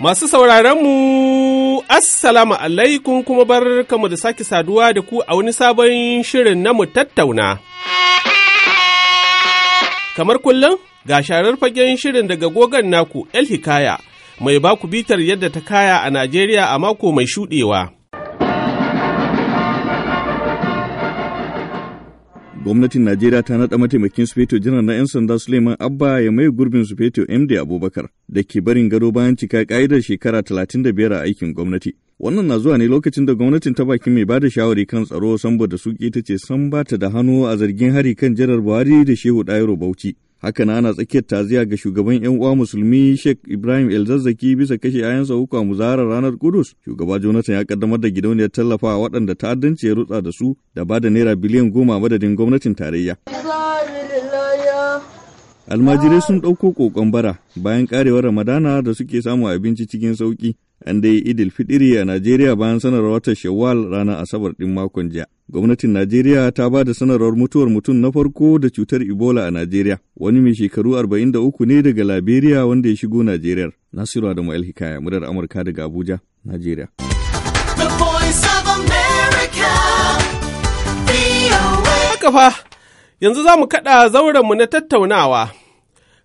Masu mu Assalamu alaikum kuma bar kamu da sake saduwa da ku a wani sabon shirin na mu tattauna. Kamar kullum, ga sharar fagen shirin daga gogon naku El Hikaya, mai baku bitar yadda ta kaya a Najeriya a mako mai shuɗewa. Gwamnatin Najeriya ta naɗa mataimakin Sufeto Janar na 'yan sanda Suleiman Abba ya mai gurbin Sufeto MD Abubakar da ke barin gado bayan cika ka'idar shekara 35 a aikin gwamnati. Wannan na zuwa ne lokacin da gwamnatin ta baki mai bada shawari kan tsaro saboda suke ta ce san bata da hannu a zargin hari kan Janar Buhari da Shehu Ɗayiro Bauchi. haka na ana tsakiyar taziya ga shugaban yan uwa musulmi Sheikh Ibrahim El Zazzaki bisa kashe ayansa uku a muzarar ranar Kudus shugaba Jonathan ya kaddamar da gidauniyar tallafa tallafawa waɗanda ta'addanci ya rutsa da su da ba da naira biliyan goma madadin gwamnatin tarayya almajirai sun ɗauko ƙoƙon bara bayan ƙarewar ramadana da suke samun abinci cikin sauƙi an dai idil fitiri a najeriya bayan sanarwar watan shawwal ranar asabar ɗin makon jiya Gwamnatin Najeriya ta ba da sanarwar mutuwar mutum na farko da cutar Ebola a Najeriya, wani mai shekaru 43 ne daga Liberia wanda ya shigo Najeriya. Nasiru Adamu El Hikaya, murar Amurka daga Abuja, Najeriya. Haka fa, yanzu za mu kaɗa zaurenmu na tattaunawa.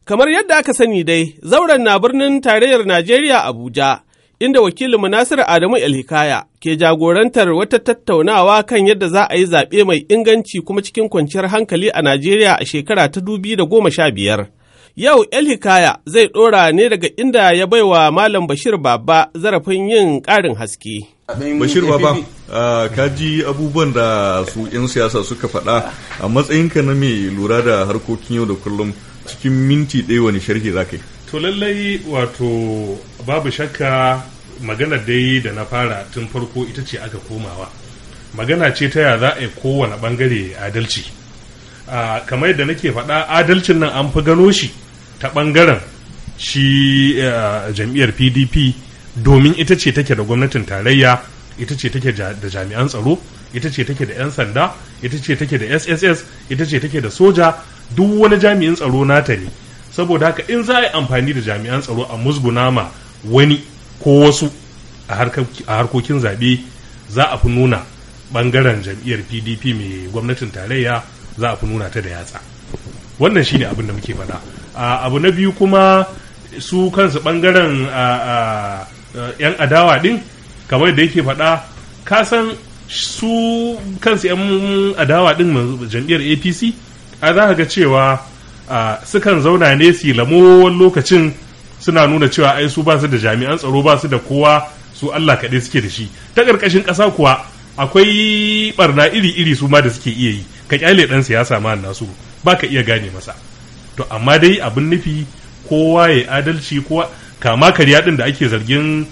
Kamar yadda aka sani dai, zauren na birnin tarayyar Najeriya Abuja. inda wakilinmu Nasiru Adamu Elhikaya ke jagorantar wata tattaunawa kan yadda za a yi zaɓe mai inganci kuma cikin kwanciyar hankali a Najeriya a shekara ta da goma sha biyar. Yau Elhikaya zai ɗora ne daga inda ya baiwa Malam Bashir Baba zarafin yin ƙarin haske. Bashir Baba, ka ji abubuwan da su 'yan siyasa suka faɗa a matsayinka na mai lura da harkokin yau da kullum cikin minti ɗaya wani sharhi za ka yi. To lallai wato babu shakka magana dai da na fara tun farko ita ce aka komawa magana ce ta ya za a yi kowane bangare adalci kamar yadda nake faɗa adalcin nan an fi gano shi ta bangaren shi eh, jam'iyyar pdp domin ita ce take da gwamnatin tarayya ita ce take da jami'an tsaro ita ce take da 'yan sanda ita ce take da sss ita ce take da soja duk wani jami'in tsaro nata ne saboda haka in za a yi amfani da jami'an tsaro a musguna ma wani ko wasu a harkokin zaɓe za a fi nuna ɓangaren jam'iyyar pdp mai gwamnatin tarayya za a fi nuna ta da yatsa wannan shine abin da muke faɗa abu na biyu kuma su kansu ɓangaren yan adawa ɗin kamar da yake faɗa kasan su kansu yan adawa ɗin jam'iyyar apc a za ga cewa sukan zauna ne su lamo lokacin suna nuna cewa ai su ba su da jami'an tsaro ba su da kowa su Allah kaɗai suke da shi ta ƙarƙashin ƙasa kuwa akwai barna iri-iri su ma da suke iya yi ka kyale ɗan siyasa ma nasu ba ka iya gane masa to amma dai abin nufi kowa ya adalci kowa kama karya ɗin da ake zargin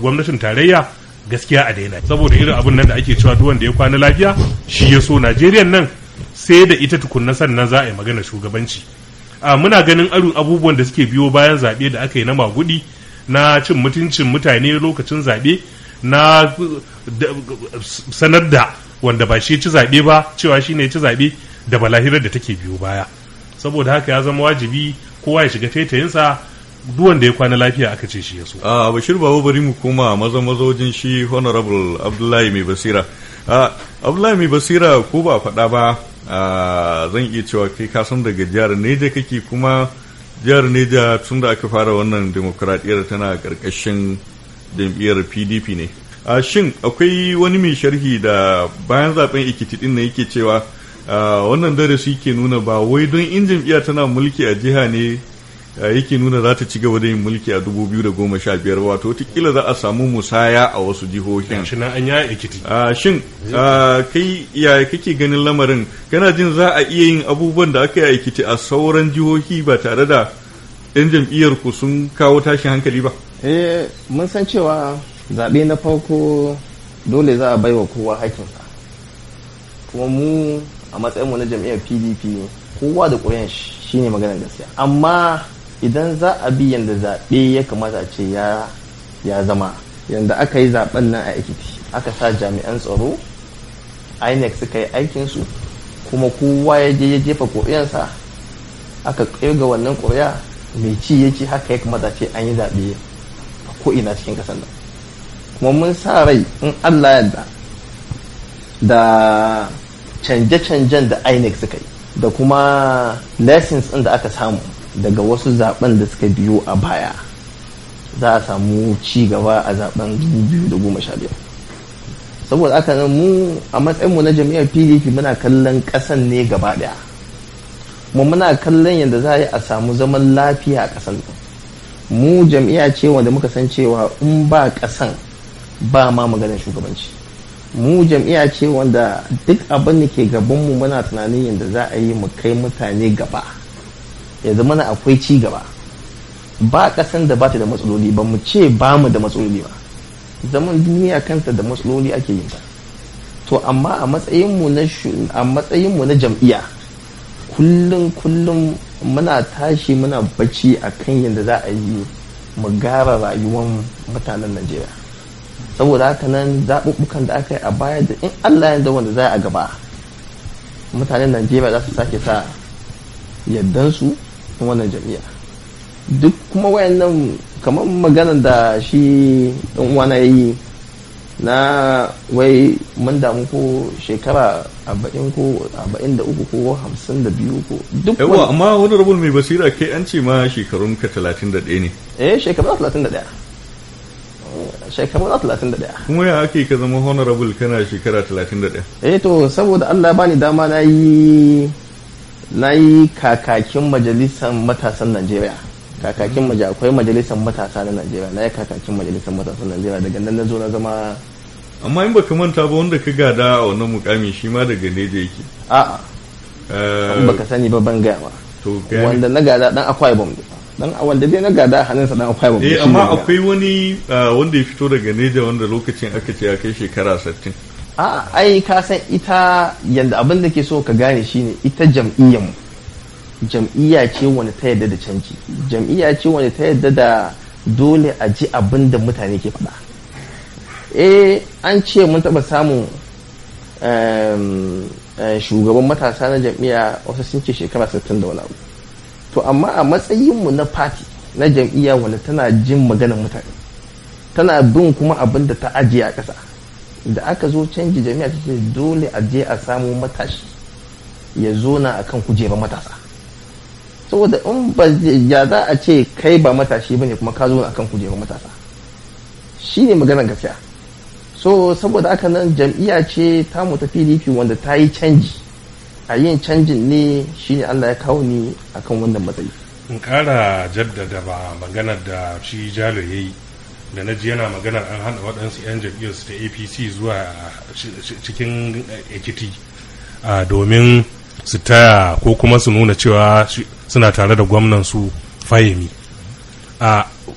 gwamnatin tarayya gaskiya a daina saboda irin abin nan da ake cewa duk wanda ya kwana lafiya shi ya so najeriya nan sai da ita tukunna sannan za a yi magana shugabanci 'a muna ganin arun abubuwan da suke biyo bayan zaɓe da aka yi na magudi na cin mutuncin mutane lokacin zaɓe na sanar da wanda ba shi ci zaɓe ba cewa shi ne ci zaɓe da balahirar da take biyo baya saboda haka ya zama wajibi kowa ya shiga taitayinsa duk wanda ya kwana lafiya aka ce shi ya so. a bashir babu bari mu koma maza shi honorable abdullahi mai basira abdullahi mai basira ko ba faɗa ba zan iya cewa kai ka san daga jihar neja kake kuma jihar neja tun da aka fara wannan demokuraɗiyar tana ƙarƙashin jam'iyyar pdp ne a shin akwai wani mai sharhi da bayan zaben ikiti din na yake cewa wannan darasi ke nuna ba wai don in jam'iyya tana mulki a jiha ne Eh, yake nuna za ta ci gaba da yin mulki a 2015 wato tikila za a samu musaya a wasu jihohin shi na ah, shin ah, kai ya kake ganin lamarin kana jin za a iya yin abubuwan da aka yi ikiti a sauran jihohi ba tare da 'yan jam'iyyar ku sun kawo tashin hankali ba eh mun san cewa zaɓe na farko dole za a baiwa wa kowa ka kuma mu a matsayinmu na jam'iyyar pdp kowa da ƙoyan shi shine maganar gaskiya amma idan za a bi yadda zaɓe ya kamata a ce ya zama yadda aka yi zaɓen nan a ekiti aka sa jami'an tsaro inec suka yi aikinsu kuma kowa ya je ya jefa ƙuri'ansa aka ƙirga wannan ƙuri'a mai ci ya ci haka ya kamata ce an yi zaɓe a ko'ina cikin ƙasar nan kuma mun sa rai in allah yadda da canje-canjen da inec suka yi da kuma lessons ɗin da aka samu daga wasu zaben da suka biyo a baya za a samu ci gaba a zaben 2015 saboda aka nan mu a matsayinmu na jami'ar pdp muna kallon kasan ne gaba daya mu muna kallon yadda za a yi a samu zaman lafiya a kasan mu jami'a ce wanda muka san cewa in ba kasan ba ma maganar shugabanci mu jam'iyya ce wanda duk abin da ke gabanmu muna tunanin yadda za a yi mu kai mutane gaba ya zama na akwai ci gaba ba kasan da ba ta da matsaloli ba mu ce ba mu da matsaloli ba zaman duniya kansa da matsaloli ake yin ba to amma a matsayin mu na jam'iyya kullum kullum muna tashi muna bacci kan yadda za a yi mu gara rayuwar mutanen najeriya saboda haka nan zaɓuɓɓukan da aka yi a baya da in allah da wanda za a gaba mutanen najeriya za su sake sa yardansu cikin wannan jami'a duk kuma wayannan kamar maganan da shi ɗan uwana ya yi na wai mun damu ko shekara arba'in ko arba'in da uku ko hamsin da biyu ko duk yawa amma wani rabin mai basira kai an ce ma shekarun ka talatin da ɗaya ne eh shekarun talatin da ɗaya shekaru na 31 kuma ya ake ka zama honorable kana shekara 31 eh to saboda Allah bani dama na yi na yi kakakin majalisar matasan najeriya kakakin akwai majalisar matasa na najeriya na yi kakakin majalisar matasan najeriya daga nan na zo na zama amma in baka manta ba wanda ka gada a wannan mukami shi ma daga ne da yake a'a eh, in baka sani ba ban gaya ba wanda na gada dan akwai bom ne dan wanda dai na gada sa dan akwai bom eh amma akwai wani eh, wanda ya fito daga da wanda lokacin aka ce ya kai shekara 60 a ai ka san ita yanda abin da ke so ka gane shine ita jam'iyyar mu jam'iyya ce wani ta yadda da canji jam'iyya ce wani ta yadda da dole a ji abin da mutane ke faɗa eh an ce mun taɓa samun ehm, eh, shugaban matasa na jam'iyya wasu sun ce shekara 60 da wani abu to amma a matsayinmu na fati na jam'iyya wani tana jin maganar mutane tana bin kuma abin da ta ajiye a ƙasa da aka zo canji jami'a ta ce dole a je a samu matashi ya zo na kan kujera matasa saboda in ba ya za a ce kai ba matashi bane kuma ka zo kan kujera matasa shi ne maganar gaskiya so saboda aka nan jam'iyya ce ta mu ta pdp wanda ta yi canji a yin canjin ne shine allah ya kawo ni akan wannan matsayi in kara jaddada ba maganar da shi jalo ya yi da na ji yana magana an hana waɗansu 'yan jam'iyyar su ta apc zuwa cikin eh, ekiti domin su taya ko kuma su nuna cewa suna tare da gwamnan su fahimi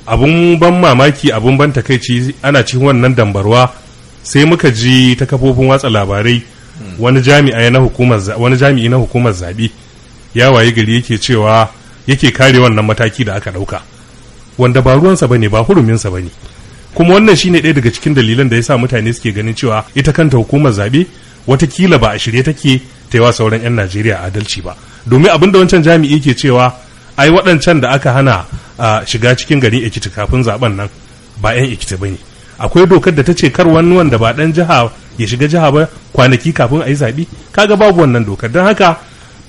abun ban mamaki abun ban takaici ana cikin wannan dambarwa sai muka ji ta kafofin watsa labarai wani jami'i na hukumar zaɓe ya waye gari yake cewa yake kare wannan mataki da aka ɗauka wanda ba ruwansa bane ba huruminsa bane kuma wannan shine ɗaya daga cikin dalilan da yasa mutane suke ganin cewa ita kanta hukumar zaɓe watakila ba a shirye take ta wa sauran 'yan najeriya adalci ba domin abin da wancan jami'i ke cewa ai waɗancan da aka hana shiga cikin garin ekiti kafin zaben nan ba 'yan ekiti ba ne akwai dokar da ta ce kar wani wanda ba ɗan jiha ya shiga jiha ba kwanaki kafin a yi zaɓe kaga babu wannan dokar don haka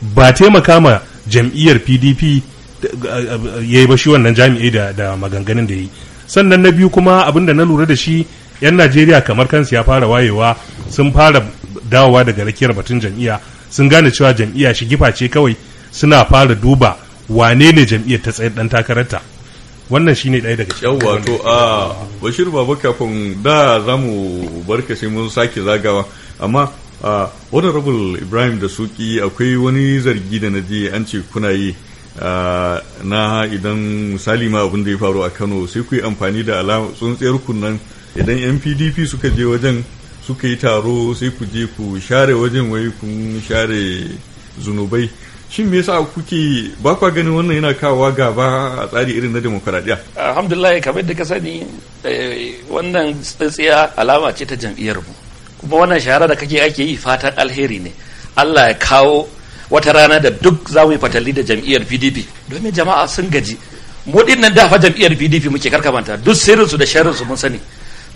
ba taimaka ma jam'iyyar pdp yayi bashi ba shi wannan jami'i da da maganganun da yi sannan na biyu kuma abinda na lura da shi yan najeriya kamar kansu ya fara wayewa sun fara dawowa daga rakiyar batun jam'iyya sun gane cewa jam'iyya shigifa ce kawai suna fara duba wane ne jam'iyyar ta tsayar dan takararta wannan shine ɗaya daga cikin yawa to a bashir baba kafin da zamu barka sai mun sake zagawa amma a honorable ibrahim da suki akwai wani zargi da na je an ce kuna yi na idan misali ma abin da ya faru a kano sai ku yi amfani da alama tsuntsiyar kunnan idan yan pdp suka je wajen suka yi taro sai ku je ku share wajen wai kun share zunubai shin me yasa kuke ba kwa ganin wannan yana kawowa gaba a tsari irin na demokradiyya alhamdulillah kamar da ka sani eh, wannan tsintsiya alama ce ta jam'iyyar mu kuma wannan shahara da kake ake yi fatan alheri ne Allah ya kawo wata rana da duk za mu yi fatali da jam'iyyar pdp domin jama'a sun gaji mu nan da fa jam'iyyar pdp muke karkamanta duk sirrinsu da sharrinsu mun sani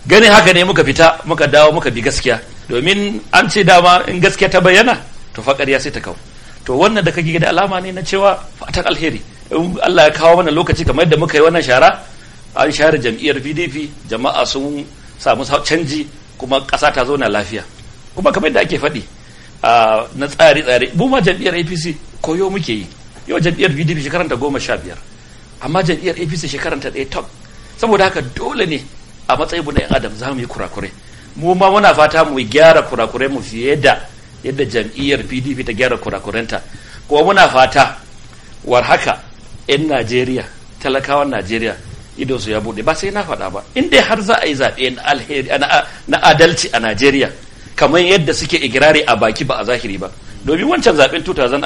gani haka ne muka fita muka dawo muka bi gaskiya domin an ce dama in gaskiya ta bayyana to fa ƙarya sai ta kawo to wannan da kake da alama ne na cewa fatan alheri in Allah ya kawo mana lokaci kamar yadda muka yi wannan shara an share jam'iyyar PDP jama'a sun samu canji kuma ƙasa ta zauna lafiya kuma kamar yadda ake faɗi na tsare-tsare mu ma jam'iyyar apc koyo muke yi yau jam'iyyar pdp ta goma sha biyar amma jam'iyyar apc ta ɗaya top saboda haka dole ne a matsayin mu na yan adam za mu yi kurakure. mu ma muna fata mu gyara kurakure mu fiye da yadda jam'iyyar pdp ta gyara kurakurenta kuma muna fata war haka 'yan najeriya talakawan najeriya su ya bude ba sai na faɗa ba in dai har za a yi zaɓe na adalci a najeriya kamar yadda suke igirari a baki ba a zahiri ba domin wancan zaben 2011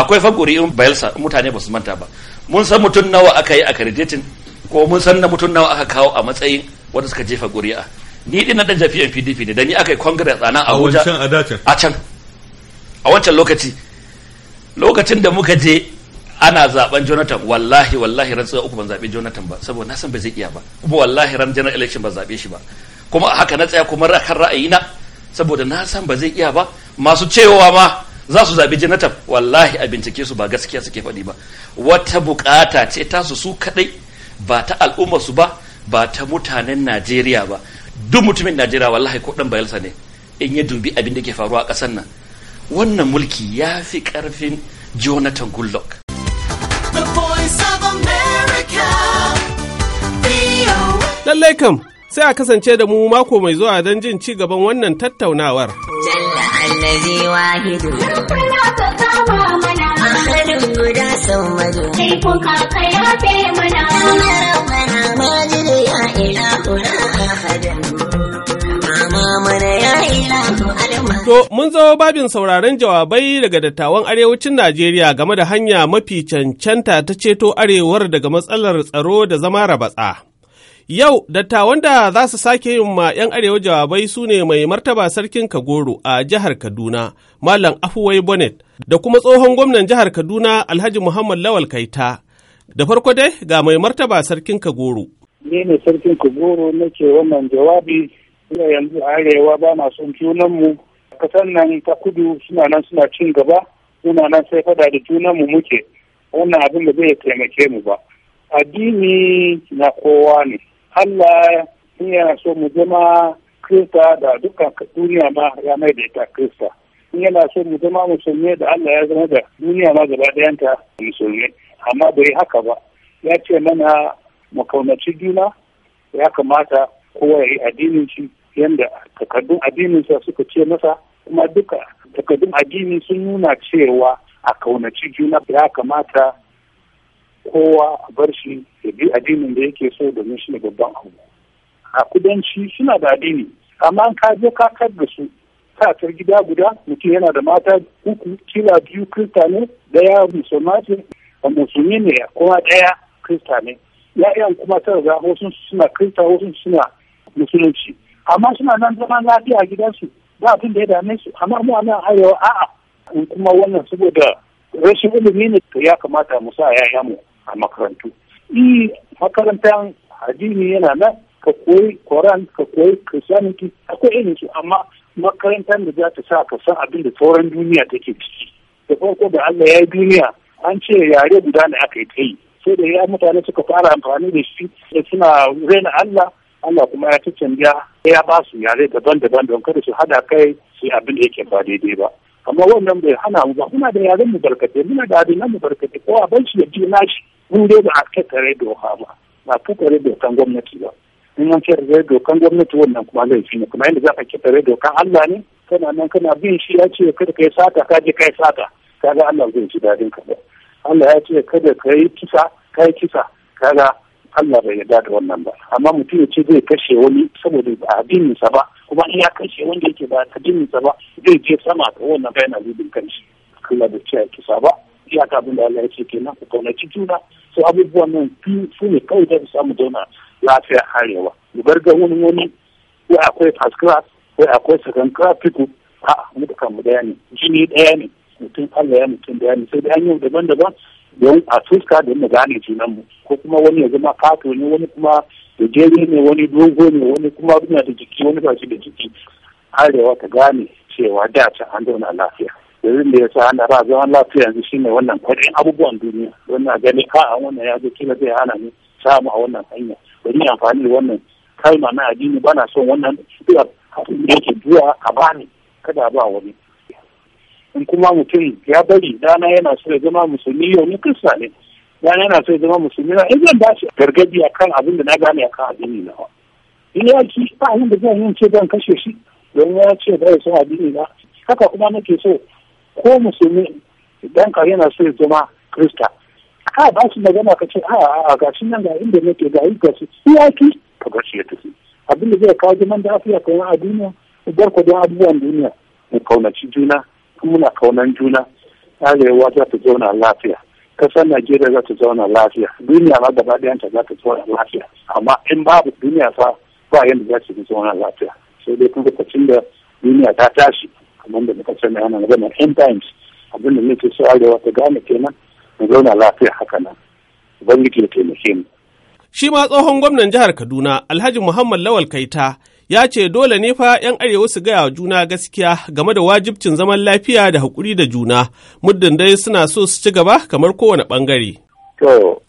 akwai fagori'in bayelsa mutane ba su manta ba mun san mutum nawa aka yi a accrediting ko mun san na mutum nawa aka kawo a matsayin wanda suka jefa guri'a ni din na dan jafiyan PDP ne da ni aka yi congress a nan a can a wancan lokaci lokacin da muka je ana zaben Jonathan wallahi wallahi ran uku ban zabe Jonathan ba saboda na san ba zai iya ba kuma wallahi ran general election ba zabe shi ba kuma haka na tsaya kuma kan na. saboda na san ba zai iya ba masu cewa ma za su zaɓi janatan wallahi a bincike su ba gaskiya suke faɗi ba wata bukata ce ta su su kaɗai ba ta al'ummar su ba ba ta mutanen najeriya ba duk mutumin najeriya wallahi ko ɗan bayelsa ne in ya dubi abin da ke faruwa a ƙasar nan wannan mulki ya fi ƙarfin jonathan goodluck lallai kam sai a kasance da mu mako mai zuwa don jin ci gaban wannan tattaunawar. To, mun zo babin sauraron jawabai daga dattawan arewacin Najeriya game da hanya mafi cancanta ta ceto arewar daga matsalar tsaro da zama rabatsa. Yau, dattawan da za su sake yin ma 'yan arewa jawabai su ne mai martaba sarkin Kagoro a jihar Kaduna, Malam Afuwai Bonnet, da kuma tsohon gwamnan jihar Kaduna Alhaji Muhammad Lawal Kaita. Da farko dai ga mai martaba sarkin Kagoro. Ni ne sarkin Kagoro nake wannan jawabi, ina yanzu arewa ba na son junanmu, kasan nan ta kudu suna nan suna cin gaba, suna nan sai fada da junanmu muke, wannan abin da zai taimake mu ba. Addini na kowa ne, Allah ya yana so mu zama Kirista da dukkan duniya ma ya mai da ita Kirista. In yana so mu zama musulmi da Allah ya zama da duniya ma gaba ɗayanta musulmi. Amma bai haka ba. Ya ce mana mu kaunaci juna ya kamata kowa ya yi addinin shi yadda takardun addininsa suka ce masa kuma duka takardun addini sun nuna cewa a kaunaci juna ya kamata kowa a bar shi ya bi addinin da yake so domin shi ne babban abu a kudanci suna da addini amma an kaje ka da su katar gida guda mutum yana da mata uku kila biyu kirista ne daya musulma ce musulmi ne kuma daya kirista ne ya'yan kuma ta wasu suna kirista wasu suna musulunci amma suna nan zama lafiya a gidansu ba abin da ya dame su amma mu a nan arewa a'a kuma wannan saboda rashin ilimi ne ya kamata mu sa ya'ya mu a makarantu e makarantar addini yana nan ka koyi koran ka koyi christianity akwai irin su amma makarantar da za ta sa ka san abin da sauran duniya take ciki da farko da Allah ya yi duniya an ce yare guda ne aka yi ta yi sai da ya mutane suka fara amfani da shi da suna rena Allah Allah kuma ya ta canja ya ba su yare daban-daban don kada su hada kai su abin da yake ba daidai ba amma wannan bai hana mu ba muna da yaren mu barkatai muna da addinan mu barkatai ko a bar shi ya ji nashi mun dai ba a kakare doka ba ba kakare dokan gwamnati ba in an kakare dokan gwamnati wannan kuma zai fi ne kuma yadda za ka kakare dokan Allah ne kana nan kana bin shi ya ce kada kai sata ka je kai sata kaga Allah zai ji dadin ka ba Allah ya ce kada kai kisa kai kisa kaga Allah bai yarda da wannan ba amma mutum ya ce zai kashe wani saboda ba addininsa ba kuma in ya kashe wanda yake ba addininsa ba zai je sama ga wannan bayan alibin kanshi kuma da ce kisa ba iyaka abin da Allah ya ce kenan ku kaunaci juna su abubuwan nan su ne kawai da samu zauna lafiya yawa. mu ga wani wani ko akwai first class ko akwai second class piku a'a mu da mu daya ne jini daya ne mutum Allah ya mutum daya ne sai da an daban-daban don a fuska don mu gane junan mu ko kuma wani ya zama fato ne wani kuma da jere ne wani dogo ne wani kuma na da jiki wani ba shi da jiki arewa ta gane cewa da ta an zauna lafiya yanzu da ya sa ana ba zaman lafiya yanzu shine wannan kwaɗin abubuwan duniya na gani a wannan ya zo kila zai hana ni samu a wannan hanya bari amfani da wannan kalma na addini bana son wannan duk yake zuwa a bani kada ba wani in kuma mutum ya bari dana yana so ya zama musulmi yau ni kirista ne dana yana so ya zama musulmi na in ba shi gargadi akan abin da na gane akan addini na in ya ci ba abin da zan yi ce zan kashe shi don ya ce bai son addini na haka kuma nake so ko musulmi Dan ka yana so ya zama kirista a ba shi magana ka ce a a ga shi nan ga inda nake ga yi ga shi ya ki ka ga shi ya tafi abin da zai kawo zaman da afiya kai a duniya ku abubuwan duniya mu kaunaci juna muna kaunan juna arewa za ta zauna lafiya kasar najeriya za ta zauna lafiya duniya ma gaba ɗayanta za ta zauna lafiya amma in babu duniya fa ba yadda za ta zauna lafiya sai dai kuma lokacin da duniya ta tashi kamar da muka sani ana magana end times abin da nake so arewa ta gane kenan mu zauna lafiya haka nan ubangiji ya taimake mu shi ma tsohon gwamnan jihar kaduna alhaji muhammad lawal kaita ya ce dole ne fa 'yan arewa su gaya wa juna gaskiya game da wajibcin zaman lafiya da haƙuri da juna muddin dai suna so su ci gaba kamar kowane ɓangare. To,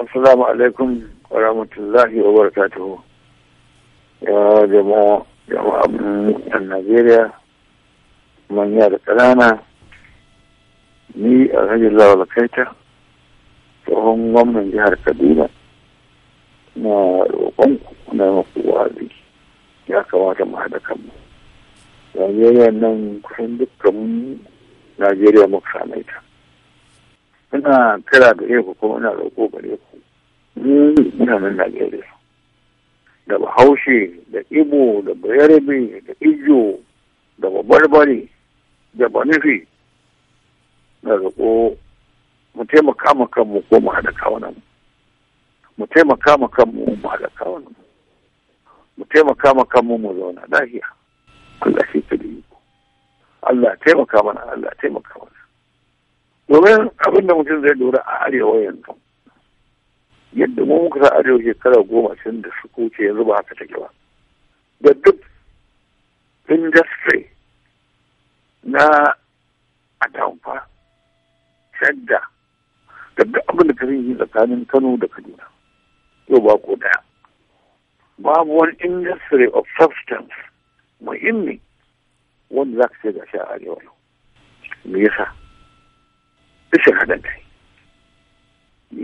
assalamu alaikum wa rahmatullahi wa barakatuhu. Ya jama'a jama'a Najeriya, manya da ƙanana, ni a rajin lawal kaita, tsohon gwamnan jihar Kaduna, na roƙonku muna yi maku wa'azi ya kamata mu haɗa kanmu najeriya nan kusan dukkan najeriya muka same ta ina kira da ku kuma ina roƙo gare ku muna nan najeriya da bahaushe da ibo da bayarbe da ijo da Babarbari, da Banifi. na roƙo mu taimaka ma kanmu ko mu haɗa kawunan mu taimaka ma kanmu mu haɗa kawunan mu taimaka ma kanmu mu zauna lafiya Allah shi ka Allah taimaka mana Allah taimaka mana domin abin da mutum zai lura a arewa yanzu yadda mu muka sa arewa shekara goma sun da su kuce yanzu ba haka take ba da duk industry na atamfa shadda da duk abin da ka yi tsakanin kano da kaduna yau ba ko daya babu wani industry of substance muhimmi wanda za ka ce ga a arewa yau me yasa rashin haɗin kai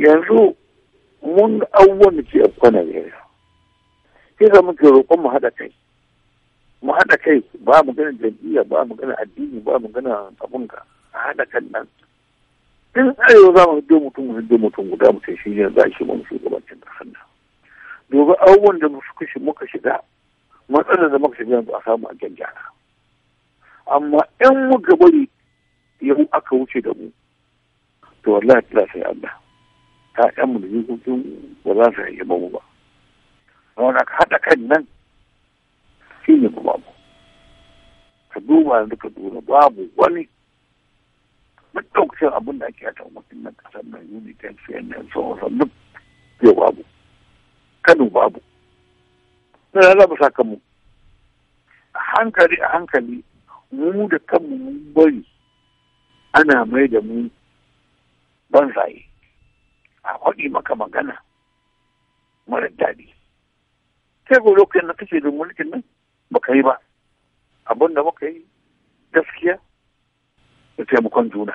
yanzu mun abubuwan da ke na Najeriya sai da muke roƙon mu haɗa kai mu haɗa kai ba mu gana jam'iyya ba mu gana addini ba mu gana abun ka a haɗa kan nan in arewa za mu hiddo mutum mu mutum guda mu sai shi ne za shi mu shugabancin ƙasar nan dubi abubuwan da muka shiga matsalar da muka shiga yanzu a samu a gyara amma in muka bari yau aka wuce da mu to wallahi ta sai Allah ta ɗan mu da jikokin ba za su yi mu ba wani ka haɗa kan nan shi ne ba babu ka duba da ka duba babu wani duk abin da ake a mutum na ƙasar nan unity ta fiye na sauransa duk yau babu Kano babu. Na za mu saka mu. A hankali a hankali mu da kanmu mun bari ana mai da mu banzaye. A kwaɗi maka magana mara daɗi. Sai ga lokacin na kace da mulkin nan baka yi ba. Abin da muka yi gaskiya da taimakon juna.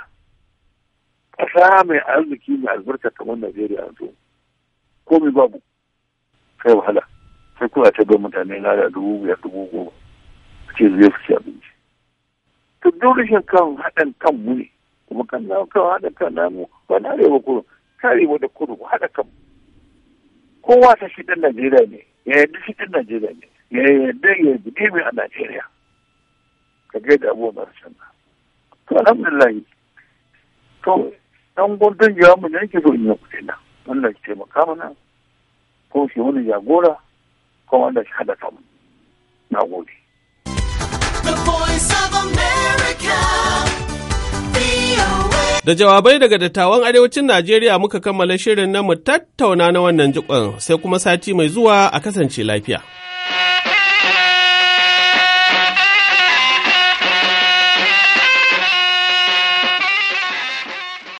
Ƙasa mai arziki mai albarka kamar Najeriya yanzu. mai babu. kai wahala sai kuma ta bai mutane na da dubu biyar dubu goma ce zai fi abinci to dole shi kan haɗin kan mu ne kuma kan na kan haɗa kan namu ba na arewa kudu ta arewa da kudu haɗa kan mu kowa ta shi ɗan najeriya ne ya yarda shi ɗan najeriya ne ya yarda ya yarda mai a najeriya ka ga da abubuwan masu na to alhamdulillah to dan gudun jawabin da nake zo in yi kuɗi na wannan ke taimaka mana ko shi wani jagora ko wanda shi haɗa samu na gode. Da jawabai daga dattawan arewacin Najeriya muka kammala shirin na mu tattauna na wannan jikon sai kuma sati mai zuwa a kasance lafiya.